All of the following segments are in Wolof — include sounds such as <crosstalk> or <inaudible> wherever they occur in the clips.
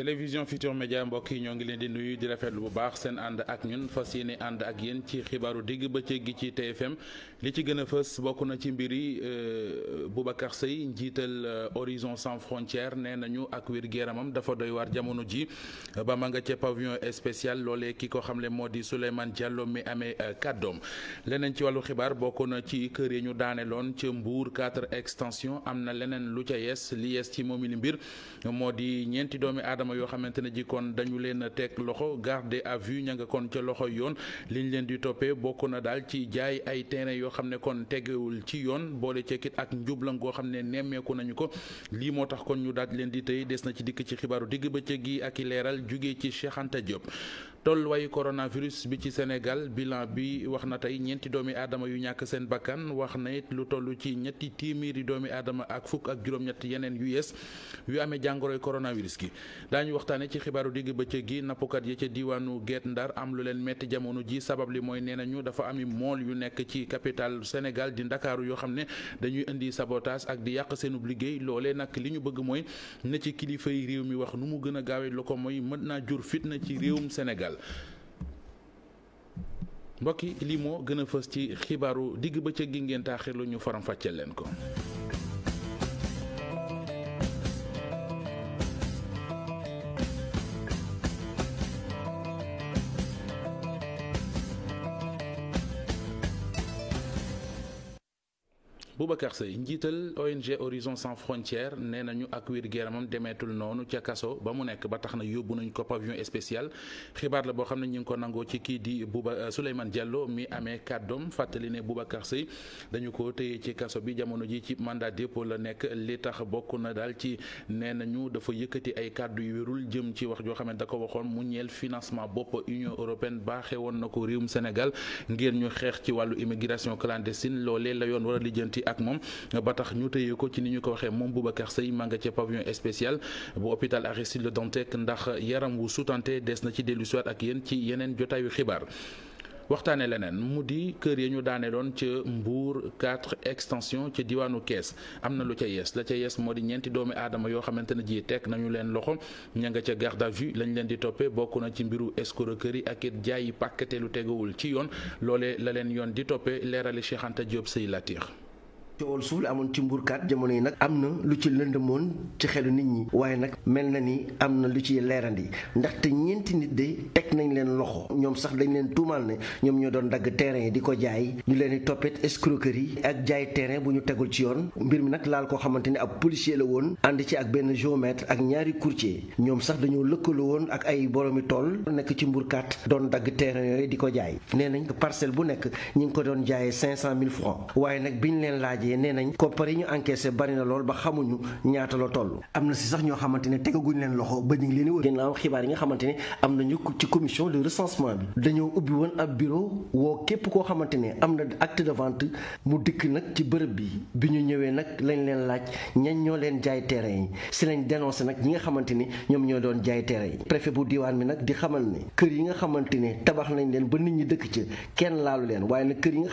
télévision Futurs Médias mbokk yi ñoo ngi leen di nuyu di rafetlu bu baax seen ànd ak ñun fas yéene ànd ak yéen ci xibaaru digg ba gi ci TFM li ci gën a fës bokk na ci mbir yi euh, Boubacar Seye njiital euh, Horizon Sans Frontières nee nañu ak wér gu dafa doy waar jamono ji ba ma nga ca pavillon spécial loolee ki ko xamle moo di Souleymane Diallo mi amee euh, doom leneen ci wàllu xibaar bokk na ci kër yi ñu daaneloon ca mbuur quatre extension am na leneen lu ca yees li yees moom mbir aadama yoo xamante ne ji kon dañu leen a teg loxo garde à vue ña nga kon ca loxo yoon liñ leen di toppee bokk na daal ci jaay ay terrain yoo xam ne kon tegewul ci yoon boole ceekit ak njublan goo xam ne nemmeeku nañu ko lii moo tax kon ñu daal leen di tey des na ci dikk ci xibaaru digg bëccëg gi ak i leeral jóge ci Cheikh Anta tolluwaayu coronavirus bi ci Sénégal bilan bi wax na tey ñeenti doomi aadama yu ñàkk seen bakkan wax na it lu toll ci ñetti téeméeri doomi aadama ak fukk ak juróom-ñett yeneen yu yees yu amee jàngoroy coronavirus gi. daañu waxtaane ci xibaaru digg bëccëg gi nappkat yi ca diwaanu Guet Ndar am lu leen metti jamono ji sabab li mooy nee nañu dafa ami mool yu nekk ci capital Sénégal di Ndakaaru yoo xam ne dañuy indi sabotage ak di yàq seenub liggéey loole nag li ñu bëgg mooy na ci kilifa réew mi wax nu mu gën a gaawee lu ko mooy mën naa jur fitna ci réewum Sénégal mbokki lii moo gën a fës ci xibaaru digg ba ca ngeen taaxirlu ñu faram fàcceel leen ko. Boubacar Seye njiital ONG Horizon Sans Frontières nee nañu ak wér gu demeetul noonu ca kaso ba mu nekk ba tax na yóbbu nañ ko pavillon spécial xibaar la boo xam ne ñu ngi ko nangoo ci kii di Bouba euh, Souleymane Diallo mi amee kàddoom fàttali ne Boubacar Seye dañu ko tëyee ci kaso bi jamono ji ci mandat dépôt la nekk li tax bokku na daal ci nee nañu dafa yëkkati ay kàddu yu wérul jëm ci wax joo xam ne da ko waxoon mu ñeel financement bopp Union européenne baaxee woon na ko réewum Sénégal ngir ñu xeex ci ak moom ba tax ñu téye ko ci ni ñu ko waxee moom Boubacar Seye maa nga ca pavillon spécial bu hôpital Aristide Le Dantec ndax yaram wu sutante des na ci dellu siwaat ak yéen ci yeneen jotaayu xibaar waxtaane leneen mu di kër ya ñu daaneeloon ca Mbour quatre extension ca diwaanu Kees am na lu ca yees la ca yees moo di ñeenti doomi aadama yoo xamante ne ji teg nañu leen loxo ña nga ca garde à vue lañ leen di toppee bokk na ci mbiru escroquerie ak it jaayi pàkkate lu teguwul ci yoon loole la di toppee leerali Cheikh Anta Diop Sey coowal suuf li amoon ci mbuurkaat jamono yi nag am na lu ci lëndëmoon ci xelu nit ñi waaye nag mel na ni am na lu ci leerandi ndaxte ñeenti nit de teg nañ leen loxo ñoom sax dañ leen tuumaal ne ñoom ñoo doon dagg terrain yi di ko jaay ñu leen di toppit escroquerie ak jaay terrain bu ñu tegul ci yoon mbir mi nag laal koo xamante ni ab policier la woon ànd ci ak benn géomètre ak ñaari courtier ñoom sax dañoo lëkkaloo woon ak ay boromi tool nekk ci mbuurkaat doon dagg terrain di ko jaay nee nañ parcelle bu nekk ñi ko doon jaayee cinq cent mille francs yi nee nañ koppar yi ñu encaissé bari na lool ba xamuñu ñaata toll am na si sax ñoo xamante ne tegaguñ leen loxo ba ñu ngi leen di wër ginnaaw xibaar yi nga xamante ne am nañu bi dañoo ubbi woon ab bureau woo képp koo xamante ne am na acte de vente mu dikk nag ci bërëb bi bi ñu ñëwee nag lañ leen laaj ñañ ñoo leen jaay terrain yi si lañ dénoncé nag ñi nga xamante ni ñoom ñoo doon jaay terrain yi préfet bu diwaan bi nag di xamal ne kër yi nga xamante ne tabax nañ leen ba nit ñi dëkk ci kenn laalu leen waaye nag kër yi nga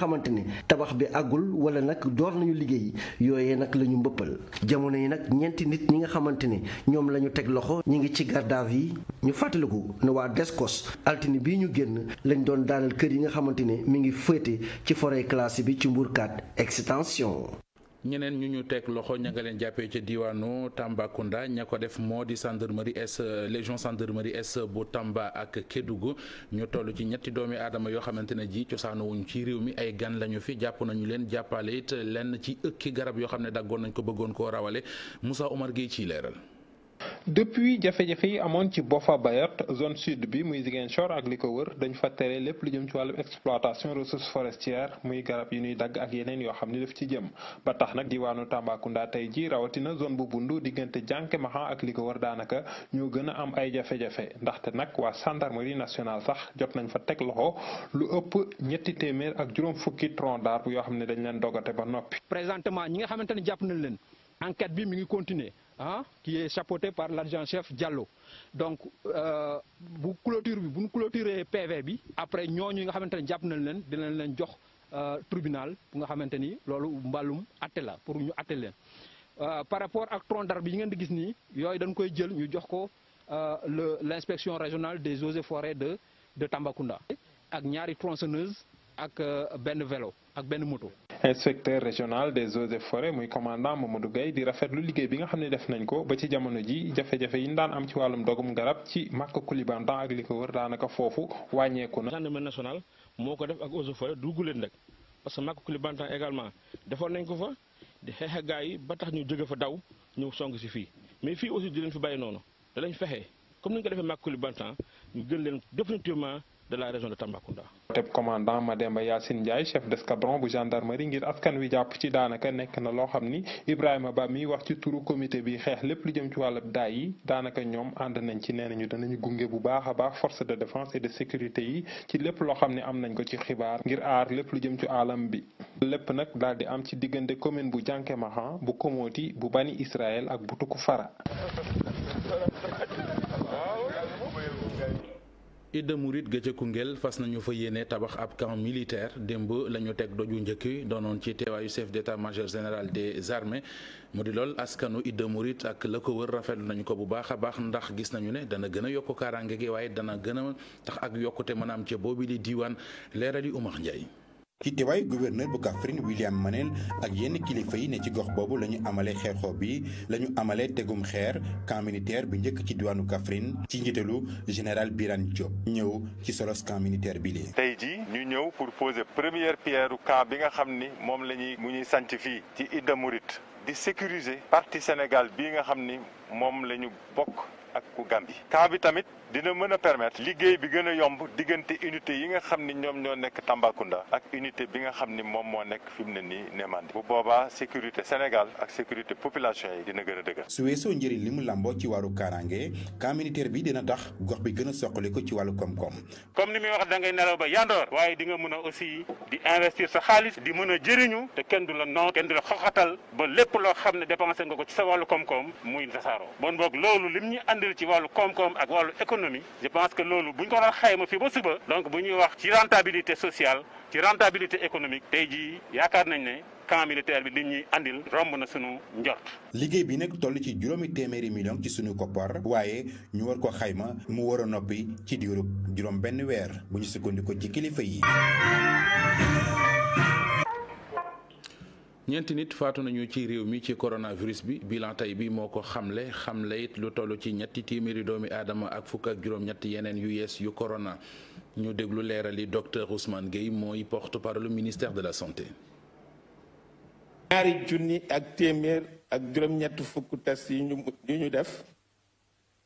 amuñu liggéey yooyee nag la ñu mbëppal jamono yi nag ñeenti nit ñi nga xamante ne ñoom la ñu teg loxo ñi ngi ci garde yi ñu fàttaliku ne waa Descos altine bii ñu génn lañ doon daanal kër yi nga xamante ne mi ngi féete ci forêt classée bi ci Mbourkat extension ñeneen ñu ñu teg loxo ña nga leen jàppee ca diwaanu Tambacounda ña ko def moo di gendarmerie es légion gendarmerie es bu Tamba ak Kédougou ñu toll ci ñetti doomi aadama yoo xamante ne ji cosaanu wuñ ci réew mi ay gan lañu fi jàpp nañu leen jàppale it lenn ci ëkki garab yoo xam ne daggoon nañ ko bëggoon koo rawale Moussa Omar Gueye ci leeral. depuis jafe-jafe yi amoon ci bofa Bayotte zone sud bi muy Ziguinchor ak li ko wër dañ fa tere lépp lu jëm ci wàllu exploitation ressource forestière muy garab yu ñuy dagg ak yeneen yoo xam ni daf ci jëm ba tax nag diwaanu Tambacounda tey ji rawatina zone bu bundu diggante jànke maxan ak li ko wër daanaka ñoo gën a am ay jafe-jafe ndaxte nag waa gendarmerie national sax jot nañ fa teg loxo lu ëpp ñetti téeméer ak juróom fukki tronc d'arbre yoo xam ne dañ leen dogate ba noppi. présentement ñi nga xamante ne jàpp nañ leen bi mi ngi continuer ah qui est chapeauté par l'adjoint-chef jallo donc euh, bu cloture bi bu ñu clôturé PV bi après ñoo ñooñu nga xamante ne jàpp nañ leen dinañ leen jox euh, tribunal bu nga xamante ni loolu mbàllum atte la pour ñu atte leen euh, par rapport ak tronc bi yi ngeen di gis nii yooyu dañ koy jël ñu jox ko le l'inspection régionale des eaux et de de Tambacounda. ak ñaari tronçonneuse ak benn velo ak benn moto. inspecteur <laughs> régional des eaux et forêts muy commandant Mamadou Gueye di rafetlu liggéey bi nga xam ne def nañ ko ba ci jamono ji jafe-jafe yi ñu daan am ci wàllum dogum garab ci màkk Koulibantang ak li ko wër daanaka foofu wàññeeku na. gendarmerie nationale moo ko def ak eaux et forêts dugg leen rek parce que màkk Koulibantang également defoon nañ ko fa di xeex gaa yi ba tax ñu jóge fa daw ñëw song si fii mais fii aussi di leen fi bàyyi noonu da lañ fexe comme ni ñu ko defee màkk Koulibantang ñu gën leen définitivement de la région Tambacounda. teb commandant Mademba Yacine Ndiaye chef d'escadron bu gendarmerie ngir askan wi jàpp ci daanaka nekk na loo xam ni Ibrahima Ba mi wax ci turu comité bi xeex lépp lu jëm ci wàllub daay yi daanaka ñoom ànd nañ ci nee ñu danañu gunge bu baax a baax force de défense et de sécurité yi ci lépp loo xam ne am nañ ko ci xibaar ngir aar lépp lu jëm ci alam bi. lépp nag daal di am ci diggante commune bu jànke Diankémahan bu Komoti bu Bani Israël ak bu fara Ida Mouride ga ca Koungheul fas nañu fa yéene tabax ab camp militaire démb la ñu teg doju njëkk doonoon ci teewaayu chef d'état-major général des armées mu di lool askanu Ida Mouride ak la ko wër rafet nañu ko bu baax a baax ndax gis nañu ne dana gën a yokk kaaraange gi waaye dana gën a tax ak yokkute maanaam ca boobi li diiwaan leeral yi Umar Ndiaye ci teewaayu gouverneur bu Kaffrine William Manel ak yenn kilifa yi ne ci gox boobu la ñu amalee xeer xoob bi la ñu amalee tegum xeer camp militaire bi njëkk ci diwaanu Kaffrine ci njiitalu général Birane Diop ñëw ci solos camp militaire bi lii tey jii ñu ñëw pour pose première pierre u camp bi nga xam ni moom la ñuy mu ñuy sanc fii ci Idda Mouride di sécuriser parti Sénégal bii nga xam ni moom la ñu bokk ak ku Gambie camp bi tamit dina mën a permettre liggéey bi gën yomb diggante unité yi nga xam ni ñoom ñoo nekk Tambacounda ak unité bi nga xam ni moom moo nekk fi mu ne nii Némandi bu boobaa sécurité Sénégal ak sécurité population yi dina gën a dëgër. su weesoo njëriñ li mu làmboo ci wàllu kaaraange camp militaire bi dina tax gox bi gën a soqali ko ci wàllu koom-koom. comme ni muy wax da ngay nelaw ba yandoor waaye di nga mën a aussi di investir sa xaalis di mën a jëriñu te kenn du la non kenn du la xoxatal ba lépp loo xam ne dépensé nga ko ci sa wàllu koom-koom muy tasaaroo bon boog économie je pense que loolu bu ñu ko doon xayma fii ba suba donc bu ñuy wax ci rentabilité sociale ci rentabilité économique tey jii yaakaar nañ ne camp militaire bi li ñuy andil romb na sunu njort. liggéey bi nag toll ci juróomi téeméeri million ci sunu koppar waaye ñu war ko xayma mu war a noppi ci diiru juróom benn weer bu ñu sukkandiku ci kilifa yi. ñeenti nit faatu nañu ci réew mi ci coronavirus bi bilan tey bi moo ko xamle xamle it lu toll ci ñetti téeméeri doomi aadama ak fukk ak juróom-ñett yeneen yu yees yu corona ñu déglu leerali docteur Ousmane Gueye mooy porte-parole ministère de la santé. ñaari junni ak yi ñu yu def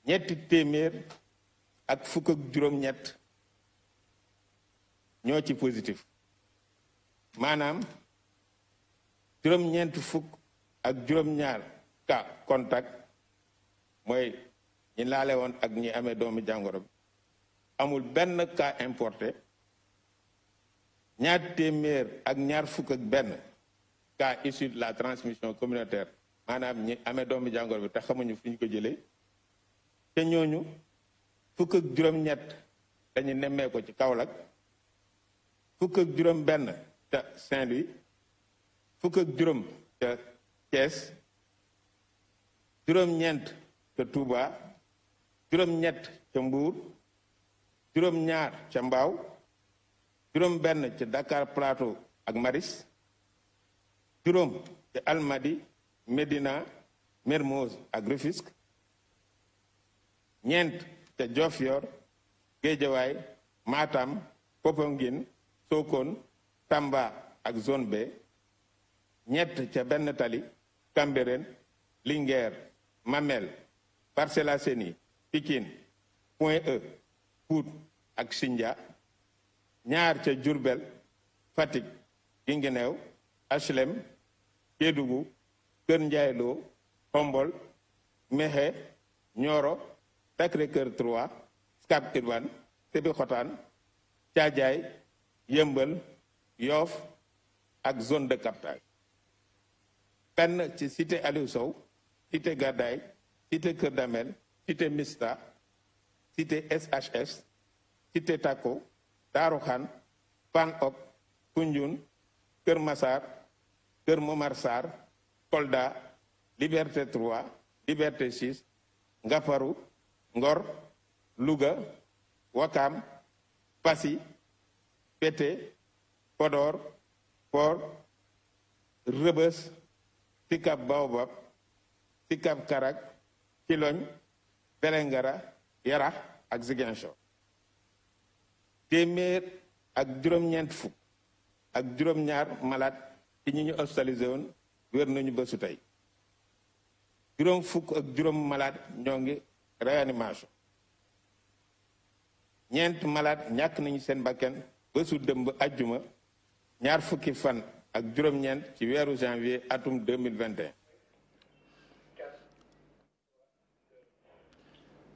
ñetti téeméer ak fukk ñoo ci positif maanaam. juróom-ñeent fukk ak juróom-ñaar cas contact mooy ñi laale woon ak ñi amee doomi jàngoro bi amul benn cas importé ñaar téeméer ak ñaar fukk ak benn cas issu de la transmission communautaire maanaam ñi amee doomi jàngoro bi te xamuñu fu ñu ko jëlee te ñooñu fukk ak juróom-ñett dañu nemmee ko ci Kaolack fukk ak juróom-benn te Saint-Louis fukk ak juróom ca Thiès juróom-ñeent ca Touba juróom-ñett ca Mbour juróom-ñaar ca Mbao juróom-benn ca Dakar Plateau ak Maris juróom ca Almadi Médina Mermoz ak Rufisque ñeent ca Diofior Guédiawaye Matam Popenguine Sokone Tamba ak zone B ñett ca benn tali Cambérène Linguère Mamel Parcelles Assainies Pikine Point E Pout ak Sindia ñaar ca Diourbel Fatick Guinguinéo HLM Kédougou Kër Ndiaye Lo Xombol Mékhé Nioro Sacré-Cœur 3 Scat Urbam Sébikotane Caajaay Yëmbal Yoff ak zone de captage fenn ci cité Aliou Sow cité Gadaye cité Kër Damel cité Mista cité SHS cité Tako Daaru Xan Fang Op Kunjun Kër Massar Kër Momar Kolda Liberté 3 Liberté 6 Ngafaru Ngor Louga Wakam Passy Pété Podor Port Rebeuss Sicap Baobab Sicap Karak Thilogne Vélingara Yarax ak Ziguinchor téeméer ak juróom-ñeent fukk ak juróom-ñaar malaat ci ñi ñu hospitalisé woon wér nañu bésu tey juróom fukk ak juróom malade ñoo ngi réanimation ñeent malaat ñàkk nañu seen bakken bésu dëmb ajjuma ñaar fukki fan ak juróom-ñeent ci weeru janvier atum 2021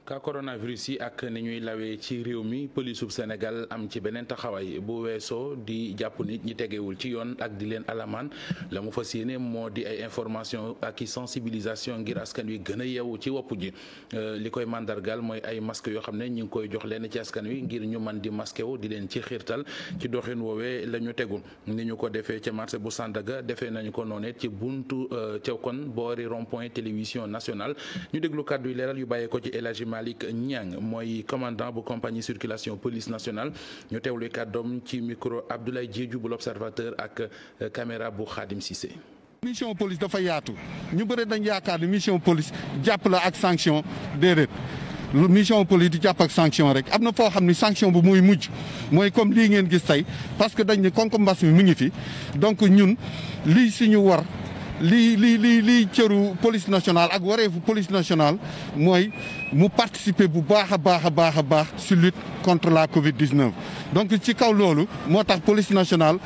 ka coronavirus yi ak ni ñuy lawee ci réew mi pëlisub Sénégal am ci beneen taxawaay bu weesoo di jàpp nit ñi tegewul ci yoon ak di leen alamaan la mu fas yéene moo di ay information ak i sensibilisation ngir askan wi gën a yeewu ci wopp ji euh, li koy màndargaal mooy ay masque yoo xam ne ñu ngi koy jox leen ci askan wi ngir ñu man di masqué wu di leen ci xiirtal ci doxin woowee la ñu tegu ni ñu ko defee ca marché bu Sandaga defee nañu ko noonu ci buntu Thiaw euh, kon boori rond point télévision Malick Niang mooy commandant bu compagnie circulation police nationale ñu teewlu kàddoom ci micro Abdoulaye Diédhiou bu l'observateur ak euh, caméra bu Khadim Cissé. mission police dafa yaatu ñu bëri dañ yaakaar ni mission police jàpp la ak sanction déedéet mission police di jàpp ak sanction rek am na foo xam ni sanction bu muy mujj mooy comme lii ngeen gis tey parce que dañ ne mbas mi mu ngi fi donc ñun lii si ñu war. lii lii lii lii cëru police nationale ak wareefu police nationale mooy mu participer bu baax a baax a baax a baax si lutte contre la Covid 19. donc ci kaw loolu moo tax police nationale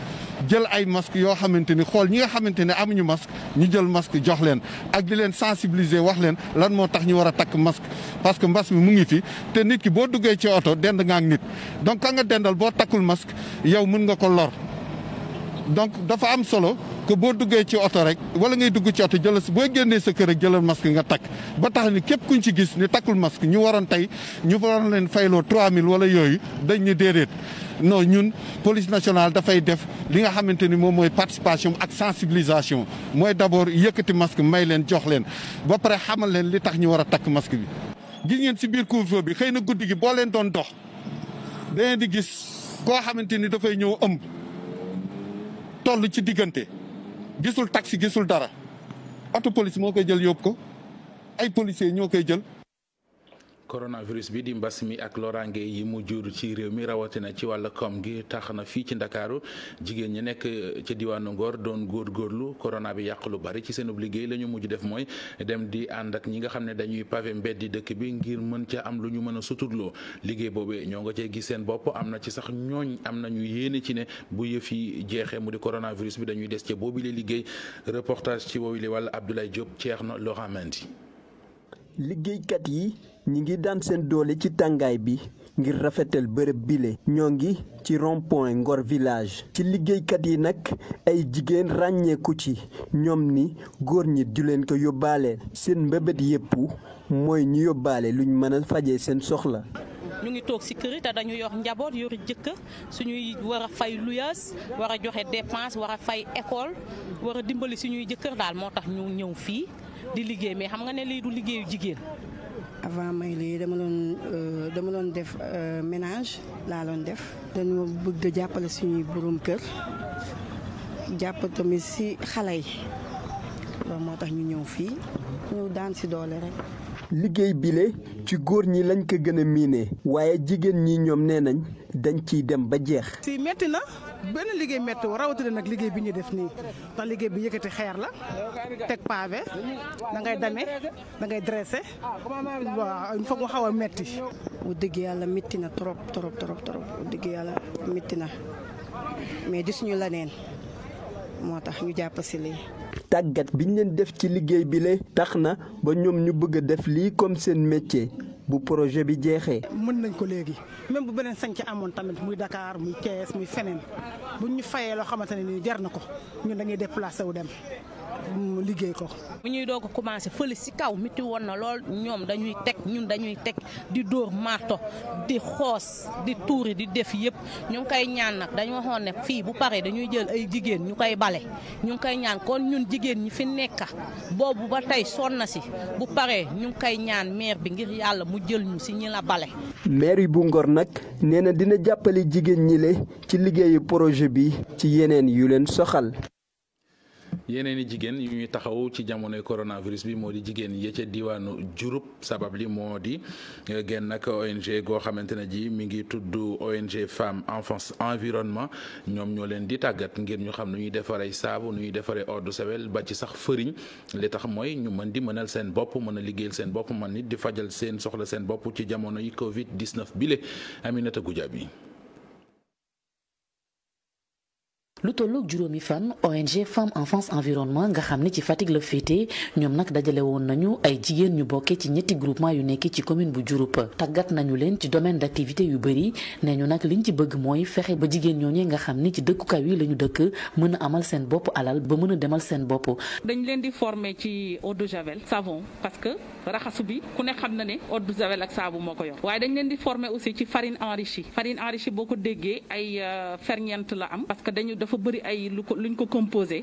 jël ay masque yoo xamante ni xool ñi nga xamante ne amuñu masque ñu jël masque jox leen ak di leen sensibiliser wax leen lan moo tax ñu war a takk masque. parce que mbas mi mu ngi fi te nit ki boo duggee ci oto dend nga ak nit donc ka nga dendal boo takkul masque yow mën nga ko lor donc dafa am solo. que boo duggee ci oto rek wala ngay dugg ci oto jëlal boo génnee sa kër rek jëlal masque nga takk ba tax ni képp ku kuñ ci gis ni takkul masque ñu waroon tey ñu waroon leen fayloo 3000 wala yooyu dañ ñu déedéet non ñun police nationale dafay def li nga xamante ni moom mooy participation ak sensibilisation mooy d'abord yëkkati masque may leen jox leen ba pare xamal leen li tax ñu war a takk masque bi gis ngeen si biir couvre bi xëy na guddi gi boo leen doon dox da di gis koo xamante ni dafay ñëw ëmb toll ci diggante gisul taxi gisul dara oto police moo koy jël yóbbu ko ay policiers ñoo koy jël. coronavirus bi di mbas mi ak loraange yi mu jur ci réew mi rawatina ci wàll koom gi tax na fii ci ndakaaru jigéen ñi nekk ci diwaanu Ngor doon góor góorlu corona bi yàq lu bari ci seenub liggéey la ñu mujj def mooy dem di ànd ak ñi nga xam ne dañuy pavé mbeddi dëkk bi ngir mën ca am lu ñu mën a suturloo liggéey boobee ñoo nga cee gis seen bopp am na ci sax ñooñ am na ñu yéene ci ne bu yëf yi jeexee mu di coronavirus bi dañuy des ca boobu la liggéey reportage ci woowu li wàll Abdoulaye Diop Thierno Laurent Mendy liggéeykat ñi ngi daan seen doole ci tàngaay bi ngir rafetal bërëb bile ñoo ngi ci rond Ngor village ci liggéeykat yi nag ay jigéen ràññeeku ci ñoom ni góor ñi di leen ko yóbbaale seen mbëbët yépp mooy ñu yóbbaale luñ mën a fajee seen soxla ñu ngi toog si kër te dañu yor njaboot yor jëkkër suñuy war a fay luyaas war a joxe dépense war a fay école war dimbali suñuy jëkkër daal moo tax ñu ñëw fii di liggéey mais xam nga ne lii du liggéeyu jigéen avant may lii dama doon euh, dama doon def euh, ménage laa doon def dañu bëgg a jàppale suñuy borom kër jàpp tamit si xale yi loolu moo tax ñu ñëw fii ñëw daan si doole rek. liggéey bile ci góor ñi lañ ko gën a miine waaye jigéen ñi ñoom nee nañ dañ ciy dem ba jeex. si metti na. benn liggéey métti rawatina nag liggéey bi ñuy def nii ndax liggéey bi yëkkati xeer la teg pavé dangay ngay dangay da ngay dressé waaw il faut mu xaw dëgg yàlla métti na trop trop trop trop bu dëgg yàlla métti na mais di gisuñu leneen moo tax ñu jàpp lii. tàggat biñ leen def ci liggéey bi le tax na ba ñoom ñu bëgg a def lii comme seen métier. bu projet bi jeexee. mën nañ ko léegi même bu beneen sanc amoon tamit muy dakaar muy Thiès muy feneen buñ ñu fayee loo xamante ne nii jar na ko ñun dañuy déplacé wu dem. mu liggéey ko. bu ñuy doo ko commencé fële si kaw miti woon na lool ñoom dañuy teg ñun dañuy teg di dóor marto di xoos di tuuri di def yëpp ñu ngi koy ñaan nag dañu waxoon ne fii bu paree dañuy jël ay jigéen ñu koy bale ñu ngi koy ñaan kon ñun jigéen ñi fi nekka boobu ba tey sonn na si bu paree ñu ngi koy ñaan meer bi ngir yàlla mu jël ñu si ñi la bale. maire bu Ngor nag nee na dina jàppale jigéen ñi le ci liggéeyu projet bi ci yeneen yu leen soxal. yeneen i jigéen yu ñuy taxaw ci jamonoy coronavirus bi moo di jigéen ya ca diwaanu Diouroup sabab li moo di eh, génn nag ONG goo xamante ne ji mu ngi tudd ONG Femmes Enfance Environnement ñoom ñoo leen di tàggat ngir ñu xam nu ñuy defaree saabu nu ñuy defaree eau de ba ci sax fëriñ li tax mooy ñu mën di mënal seen bopp mën a liggéeyal seen bopp mën nit di fajal seen soxla seen bopp ci jamono yi Covid 19 bile Aminata Goudiaby lu tolloog juróomi fan ONG Femmes Enfance Environnement nga xam ne ci Fatick la féete ñoom nag dajale woon nañu ay jigéen ñu bokkee ci ñetti groupement yu nekk ci commune bu Diouroup tàggat nañu leen ci domaine d'activité yu bëri ne ñu nag liñ ci bëgg mooy fexe ba jigéen ñooñee nga xam ne ci dëkkukaay yi lañu ñu dëkk mën a amal seen bopp alal ba mën a demal seen bopp. dañ leen di former ci eau de javel savon parce que raxasu bi ku ne xam na ne eau de javel ak saabu moo ko yor waaye dañ leen di former aussi ci farine enrichie farine enrichie boo ko déggee ay euh, ferñeent la am parce que dafa bëri ay lu ko luñ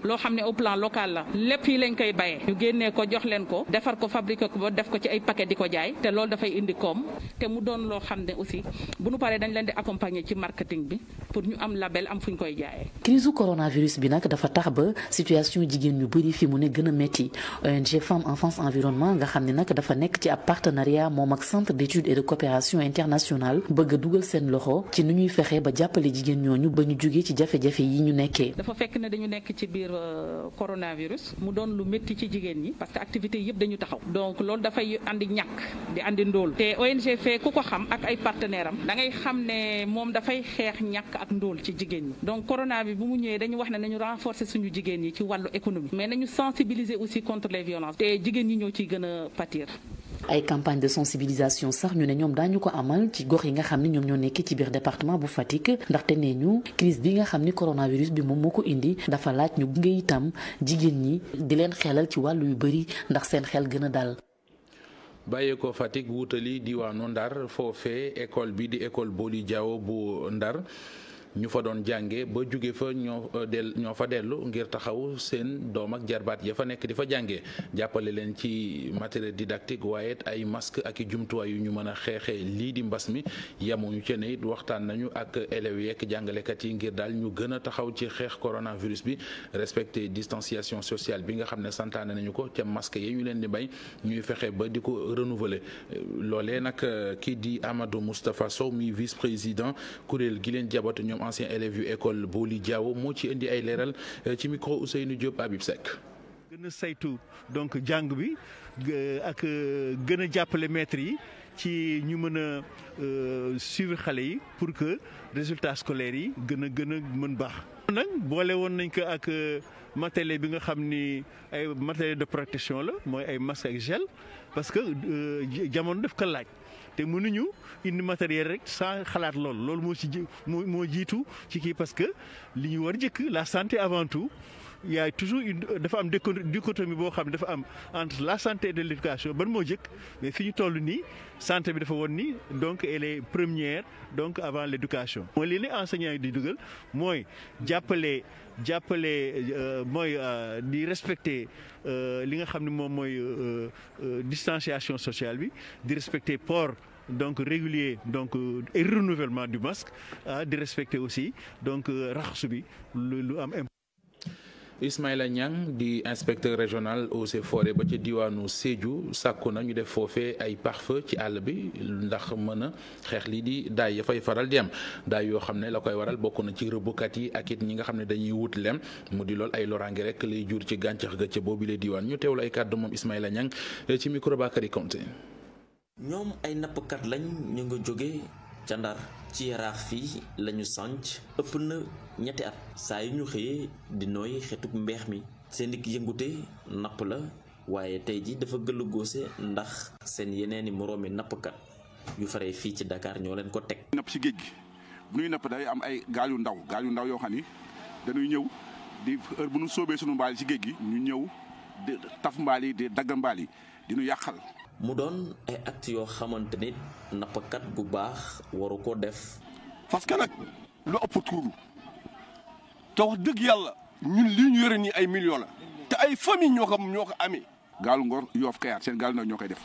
loo xam ne au plan local la lépp fii lañ koy bayee ñu génnee ko jox leen ko defar ko fabriqué ko ba def ko ci ay paquet di ko jaay te loolu dafay indi koom te mu doon loo xam ne aussi bu nu paree dañ leen di accompagner ci marketing bi pour ñu am label am fu ñu koy jaayee. crise coronavirus bi nag dafa tax ba situation jigéen ñu bëri fi mu ne gën a métti ONG Femmes Enfance Environnement nga xam ne nag dafa nekk ci ab partenariat moom ak centre d'études coopération internationale bëgg dugal seen loxo ci nu ñuy fexe ba jàppale jigéen ñooñu ba ñu ci jafe nekkee. dafa fekk ne dañu nekk ci biir euh, coronavirus mu doon lu métti ci jigéen ñi parce que activités yëpp dañu taxaw donc loolu dafay indi ñàkk di indi ndóol te ONG Fee ku ko xam ak ay partenaire am da xam ne moom dafay xeex ñàkk ak ndóol ci jigéen ñi donc corona bi bu mu ñëwee dañu wax ne nañu renforcer suñu jigéen ñi ci wàllu économie mais nañu sensibiliser aussi contre les violences te jigéen ñi ñoo ciy gën a pâtir ay campagne de sensibilisation sax ñu ne ñoom daañu ko amal ci gox yi nga xam ne ñoom ñoo nekk ci biir département bu Fatick ndaxte nee ñu crise bi nga xam ni coronavirus bi moom moo ko indi dafa laaj ñu gunge itam jigéen ñi di leen xelal ci wàllu yu bëri ndax seen xel gën a dal. bàyyeekoo Fatick wutali diwaanu Ndar foofee école bi di école Boli Diaw bu Ndar. ñu fa doon jàngee ba jóge fa ñoo euh, del ñoo fa dellu ngir taxaw seen doom ak jarbaat ya fa nekk di fa jànge jàppale leen ci matériel didactique waaye ay masque ak i jumtuwaay yu ñu mën a xeexee lii di mbas mi yamuñu ci ne it waxtaan nañu ak élèves yeek jàngalekat yi ngir daal ñu gën a taxaw ci xeex coronavirus bi respecter distanciation sociale bi nga xam ne santaane nañu ko ca masque yi ñu leen di bay ñuy fexe ba di ko renouveler euh, loole nag euh, kii di Amadou Moustapha Sow mi gi ñoom ancien élèves yu école Boli Diawo moo ci indi ay leeral euh, ci micro Ousseynou Diop Habib Seck. gën a saytu donc jàng bi euh, ak euh, gën a jàppale maîtres yi ci ñu mën a suivre xale yi pour que résultats scolaires yi gën a gën a mën baax. nag boole woon nañ ko ak matériel bi nga xam ni ay matériel de protection la mooy ay masque ak gel parce que jamono def ko laaj. te mënuñu indi matériel rek sans xalaat lool loolu moo ci moo moo jiitu ci kii parce que li ñu war jëkk la santé avant tout il toujours une euh, dafa am dichotomie boo xam ne dafa am entre la santé de l'éducation ban moo jëkk mais fi ñu toll nii santé bi dafa woon nii donc elle est première donc avant l'éducation mooy li ne enseignants yi di dugal mooy jàppale jàppale euh, mooy euh, di respecter li nga xam ne moom mooy distanciation sociale bi di respecter port donc régulier donc et renouvellement du masque ah di respecter aussi donc raxasu bi lu am Ismaïla Niang di inspecteur régional eaux et forêts ba ca diwaanu Sédhiou sàkku na ñu def foofe ay pax feu ci àll bi ndax mën a xeex lii di daay ya fay faral di am daay yoo xam ne la koy waral bokk na ci rëbbukat yi ak it ñi nga xam ne dañuy wut lem mu di lool ay loraange rek lay jur ci gàncax ga ca boobu la diwaan ñu teewlu ay kàddu moom Ismaïla Niang ci micro Bakary Konte ñoom ay nappkat lañ ñu ngi jóge ca ndar ci yaraax fii lañu sanc ëpp na ñetti at saa yu ñu xëyee di nooy xetug mbeex mi seen dik yëngute napp la waaye tey ji dafa gëllu goose ndax seen yeneeni moroomi nappkat yu faree fii ci dakaar ñoo leen ko teg napp ci géej gi bu ñuy napp day am ay gaal yu ndaw gaal yu ndaw yoo xam ni dañuy ñëw di heure bu nu soobee sunu mbaal yi ci géej gi ñu ñëw di taf mbaal yi di dagg mbaal yi di yàqal mu doon ay actes yoo xamante ni nappakat bu baax waru ko def. parce que nag lu ëpp tuuru te wax yàlla ñun lii ñu yore nii ay millions la te ay famille ñoo ko ñoo ko amee. gaalu Ngor Yoof Kayaar seen gaal na ñoo koy def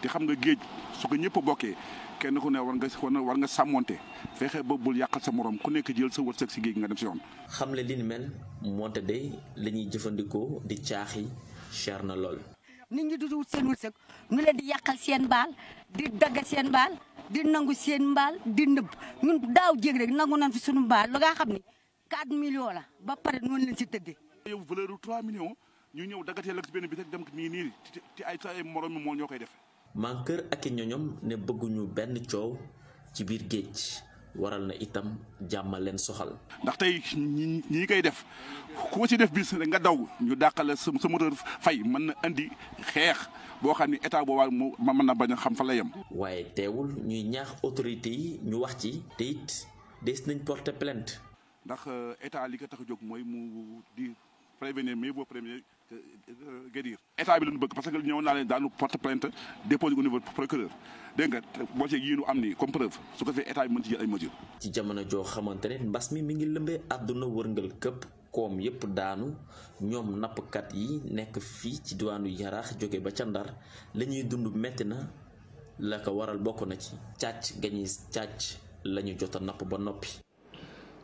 te xam nga géej su ko ñëpp bokkee kenn ku ne war nga war nga sàmmonte fexe ba bul yàqal sa moroom ku nekk jël sa wërsëg si géej nga dem si yoon. xam ne li ni mel moonte de la ñuy jëfandikoo di caaxi cher na lool. nit ñi dudu seen wërsëg ñu leen di yàqal seen baal di dagg seen baal di nangu seen mbaal di nëbb ñun daaw jéeg rek nangu nañ fi sunu mbaal lu nga xam ne 4 millions la ba pare noonu leen si tëddee. yow valeur bu 3 millions ñu ñëw dagatee ak benn bi rek dem nii nii ci ay ay morom moo ñoo koy def. kër ak i ñoñom ne bëgguñu benn coow ci biir géej. waral na itam jàmm leen soxal. ndax tey ñi ñi koy def ku ci def bis rek nga daw ñu dàqale sa sa moteur fay mën na indi xeex boo xam ne état boobaa mu mën na bañ a xam fa la yem. waaye teewul ñuy ñaax autorité yi ñu wax ci te it des nañ porter plainte. ndax euh, état li ko tax a jóg mooy mu di prévenir mais boo prévenir. guérir état bi lañu bëgg parce que naa leen daanu porte plainte déposé au niveau procureur dégg nga boo ci yi ñu am ni comme jamono joo xamante ne mbas mi mi ngi lëmbee àdduna wërngal këpp koom yépp daanu ñoom nappkat yi nekk fii ci diwaanu yaraax jóge ba ca ndar la ñuy dund metti na la ko waral bokk na ci càcc gañuy càcc la ñu jot a napp ba noppi.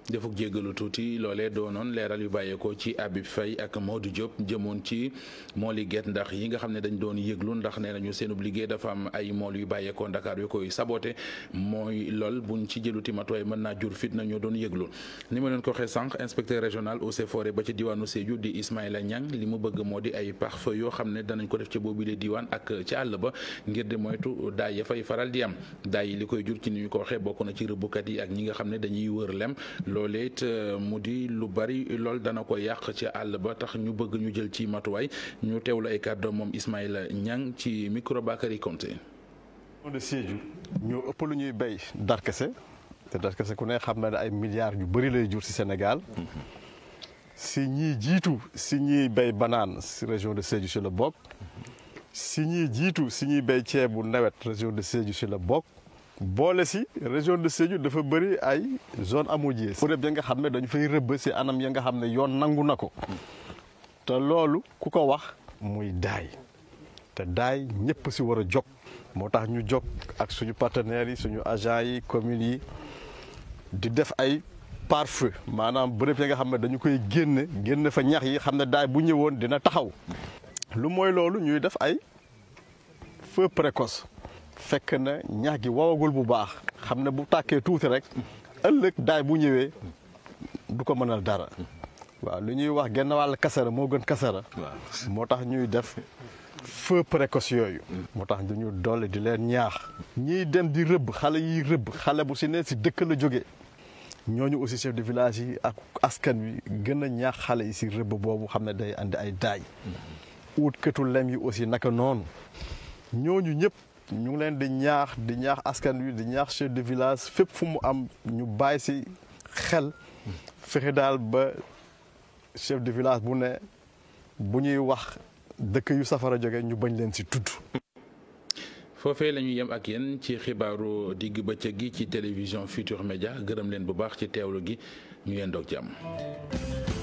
defuk jéggalu tuuti loolee doonoon leeral yu bàyyeekoo ci Habib Faye ak Modou Diop jëmoon ci mool yi get ndax yi nga xam ne dañ doon yëglu ndax nee nañu seen liggéey dafa am ay mool yu bàyyeekoo Dakar yu koy saboté mooy lool buñ ci jëluti matuwaay mën naa jur fit na ñoo doon yëglu ni ma leen ko waxee sànq inspecteur régional eaux et forêts ba ci diwaanu Sédhiou di Ismaïla Niang li mu bëgg moo di ay pare yoo xam ne danañ ko def ca boobile diwaan ak ci àll ba ngir di moytu daay ya fay faral di am daay yi li koy jur ci ni ko waxee bokk na ci rëbbukat yi ak ñi nga xam ne dañuy wër lem loolee it euh, mu di lu bari lool dana ko yàq ci àll ba tax ñu bëgg ñu jël ci matuwaay ñu teewlu ay kàddoom moom Ismaïla Niang ci micro Bakary Konté. ñoo ëpp lu ñuy béy darkase te darkase ku ne xam na ne ay milliards yu bëri lay jur si senegal si ñiy jiitu si ñiy béy banaan si région de Sédhiou si la bokk si ñiy jiitu si ñuy béy ceebu nawet région de Sédhiou si la bokk boole si région de Sédhiou dafa bëri ay zone amodiées bërëb ya nga xam ne dañu fay rëbb si anam ya nga xam ne yoon nangu na ko te loolu ku ko wax muy daay te daay ñëpp si war a jóg moo tax ñu jóg ak suñu partenaires yi suñu agents yi communes yi di def ay pare maanaam bërëb ya nga xam ne dañu koy génne génne fa ñax yi xam ne daay bu ñëwoon dina taxaw lu mooy loolu ñuy def ay feu précoce fekk na ñax gi wawagul bu baax xam ne bu tàkkee tuuti rek ëllëg daay bu ñëwee du ko mënal dara waaw lu ñuy wax genn wàll kasara moo gën kasara moo tax ñuy def feu précoce yooyu moo tax duñu doole di leen ñaax ñiy dem di rëbb xale yiy rëbb xale bu si ne si dëkk la jóge ñoo ñu aussi chef de village yi ak askan wi gën a ñaax xale yi si rëbb boobu xam ne day andi ay daay uut mm-hmm. lem yi aussi naka noonu ñooñu ñëpp ñu ngi leen di ñaax di ñaax askan wi di ñaax chef de village fépp fu mu am ñu bàyyi si xel fexe daal ba chef de village bu ne bu ñuy wax dëkk yu safara jóge ñu bañ leen si tudd. foofee lañu yem ak yéen ci xibaaru digg bëccëg gi ci télévision Futur Média gërëm leen bu baax ci teewlu gi ñu yendoog jàmm.